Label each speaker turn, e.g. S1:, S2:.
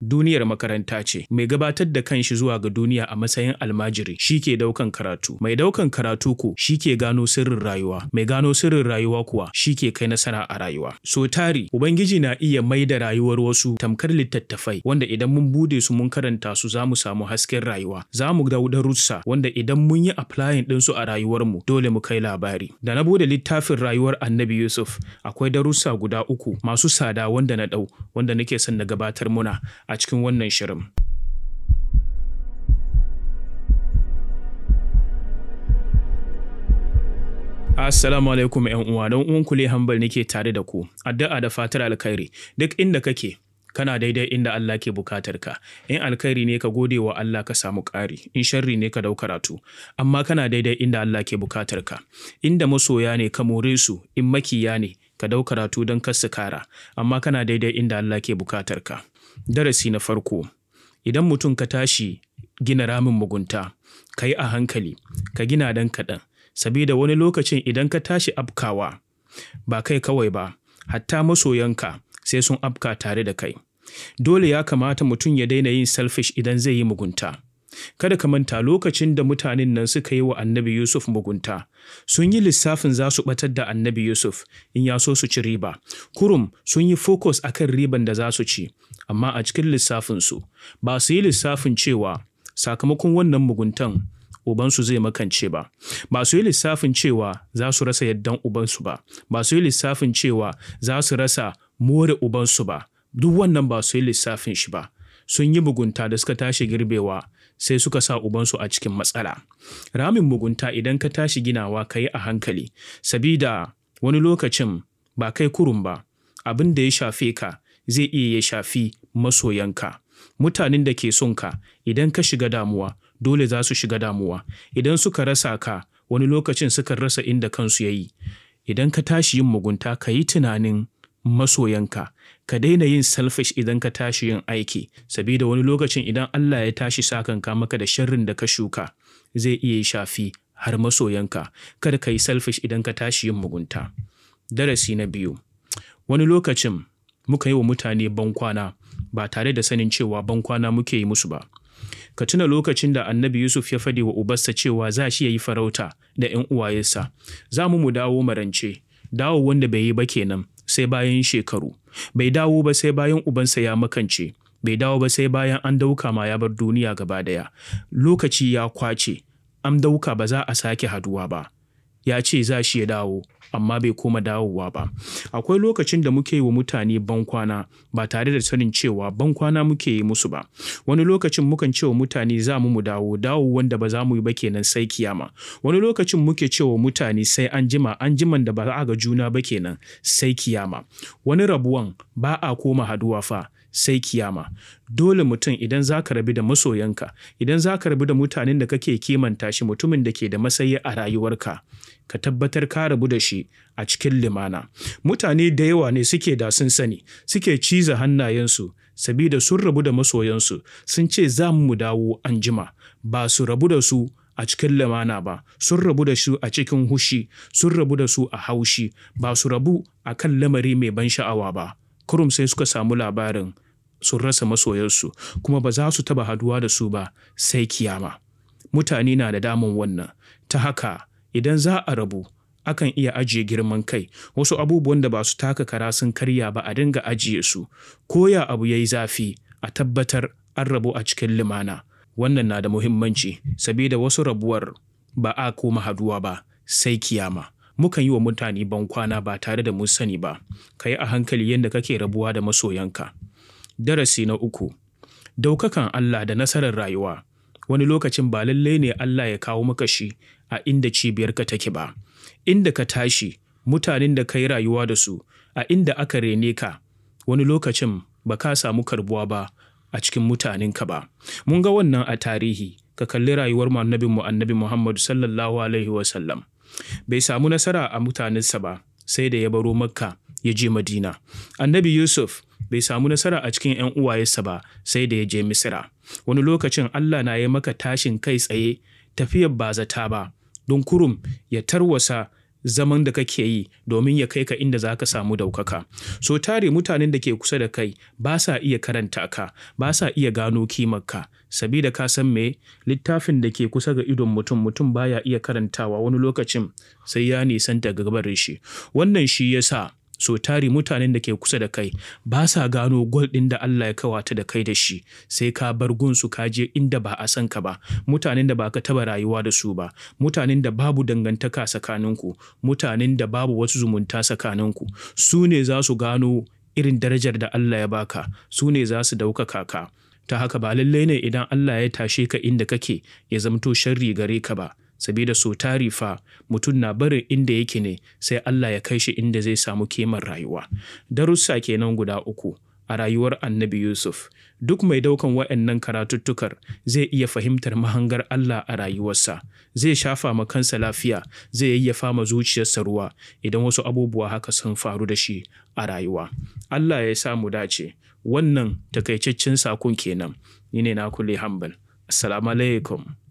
S1: duniyar makaranta ce mai gabatar da kanshi zuwa ga duniya a matsayin almajiri shi ke daukan karatu mai daukan karatu ko shi ke gano sirrin rayuwa mai gano sirrin rayuwa kuwa shi ke kai nasara a rayuwa so tari ubangiji na iya mai da rayuwar wasu tamkar littattafai wanda idan mun bude su mun karanta su za mu samu hasken rayuwa za mu ga darussa wanda idan mun yi applying din su a rayuwar mu dole mu kai labari da na bude littafin rayuwar annabi yusuf akwai darussa guda uku masu sada wanda na dau wanda nake son na gabatar muna a cikin wannan shirin. Assalamu alaikum ‘yan uwa, don uwan kule hambal nake tare da ku, addu'a da fatar alkhairi, duk inda kake, kana daidai inda Allah ke bukatar ka, in alkhairi ne ka gode wa Allah ka samu ƙari, in sharri ne ka dau karatu, amma kana daidai inda Allah ke bukatar ka, inda masoya ne ka more su, in makiya ne ka dau karatu don kar kara, amma kana daidai inda Allah ke bukatar ka. Darasi na farko, idan mutum ka tashi gina ramin mugunta, ka yi a hankali, ka gina dan kaɗan, sabida wani lokacin idan ka tashi afkawa, ba kai kawai ba, hatta masoyanka sai sun afka tare da kai. Dole ya kamata mutum ya daina yin selfish idan zai yi mugunta. Kada ka manta lokacin da mutanen nan suka yi wa annabi Yusuf mugunta, sun yi lissafin za su batar da annabi Yusuf in ya so su ci riba. Kurum sun yi focus kan riban da za su ci, amma a cikin lissafinsu ba su yi lissafin cewa sakamakon wannan muguntan ubansu zai makance ba ba su yi lissafin cewa za su rasa yaddan ubansu ba ba su yi lissafin cewa za su rasa more ubansu ba duk wannan ba su yi lissafin shi ba sun yi mugunta da suka tashi girbewa sai suka sa ubansu a cikin matsala. Ramin mugunta idan ka tashi ginawa ka yi a hankali, sabida wani lokacin ba kai kurun ba, abin da ya shafe ka zai iya ya shafi masoyanka. Mutanen da ke son ka idan ka shiga damuwa, dole za su shiga damuwa. Idan suka rasa ka, wani lokacin suka rasa inda kansu ya yi. Idan ka tashi yin mugunta, ka yi tunanin masoyanka ka daina yin selfish idan ka tashi yin aiki sabida wani lokacin idan Allah ya tashi sakan ka maka da sharrin da ka shuka zai iya shafi har masoyanka kada ka yi selfish idan ka tashi yin mugunta darasi na biyu wani lokacin muka yi wa mutane bankwana ba tare da sanin cewa bankwana muke yi musu ba ka tuna lokacin da annabi yusuf ya fadi wa ubarsa cewa za shi ya yi farauta da 'yan uwayensa za mu mu dawo marance dawo wanda bai yi ba kenan sai bayan shekaru bai dawo ba sai bayan ubansa ya makance bai dawo ba sai bayan an dauka ma ya bar duniya gaba daya lokaci ya kwace an dauka ba za a sake haduwa ba ya ce za shi ya dawo amma bai koma dawowa ba akwai lokacin da muke yi wa mutane bankwana ba tare da sanin cewa bankwana muke yi musu ba wani lokacin mukan ce wa mutane za mu mu dawo dawo wanda ba za mu yi ba kenan sai kiyama wani lokacin muke ce wa mutane sai an jima an jiman da ba za a ga juna ba kenan sai kiyama wani rabuwan ba a koma haduwa fa sai kiyama dole mutum idan za ka rabu da masoyanka idan za ka rabu da mutanen da kake kimanta shi mutumin da ke da masayi a rayuwarka ka tabbatar ka rabu da shi a cikin limana mutane da yawa ne suke da sun sani suke ciza hannayensu sabida sun rabu da masoyansu sun ce za mu dawo an jima ba su rabu da su a cikin limana ba sun rabu da su a cikin hushi sun rabu da su a haushi ba su rabu a kan lamari mai ban sha'awa ba kurum sai suka samu labarin sun rasa masoyansu kuma ba za su taba haduwa da su ba sai kiyama mutane na da damun wannan ta haka idan za a rabu akan iya ajiye girman kai wasu abubuwan da ba su taka kara sun karya ba a dinga ajiye su koya abu ya zafi a tabbatar an rabu a cikin limana wannan na da muhimmanci sabida wasu rabuwar ba a koma haduwa ba sai kiyama mukan yi wa mutane ban kwana ba tare da mun sani ba ka yi a hankali yadda kake rabuwa da masoyanka darasi na uku daukakan Allah da nasarar rayuwa wani lokacin ba lallai ne Allah ya kawo maka shi a inda cibiyarka take ba inda ka tashi mutanen da ka yi rayuwa da su a inda aka rene ka wani lokacin ba ka samu karbuwa ba a cikin mutanen ka ba mun ga wannan a tarihi ka kalli rayuwar mu annabi mu annabi Muhammad sallallahu bai samu nasara a mutanensa ba sai da ya baro makka ya je madina annabi yusuf bai samu nasara a cikin 'yan uwayensa ba sai da ya je misira wani lokacin allah na yi maka tashin kai tsaye tafiyar ba zata ba don kurum ya tarwasa zaman da kake yi domin ya kai ka inda za ka samu daukaka. So tare mutanen da ke kusa da kai ba sa iya karanta ka, ba sa iya gano kimarka. Sabida ka san me littafin da ke kusa ga idon mutum mutum baya iya karantawa wani lokacin sai ya nisanta ga gabarin shi. Wannan shi ya sa so tari mutanen da ke kusa da kai ba sa gano gol ɗin da Allah ya kawata da kai da shi sai ka bar gunsu ka je inda ba a san ka ba mutanen da ba ka taba rayuwa da su ba mutanen da babu dangantaka tsakaninku mutanen da babu wasu zumunta tsakaninku su ne za su gano irin darajar da Allah ya baka su ne za su ɗaukaka ka ta haka ba lallai ne idan Allah ya tashe ka inda kake ya zamto sharri gare ka ba sabida so tarifa mutum na barin inda yake ne sai Allah ya kai shi inda zai samu keman rayuwa darussa kenan guda uku a rayuwar annabi Yusuf duk mai daukan waɗannan karatuttukar zai iya fahimtar mahangar Allah a rayuwarsa zai shafa ma kansa lafiya zai yayyafa ma zuciyarsa ruwa idan wasu abubuwa haka sun faru da shi a rayuwa Allah ya samu dace wannan takaicaccen sakon kenan ni ne na kule hambal assalamu alaikum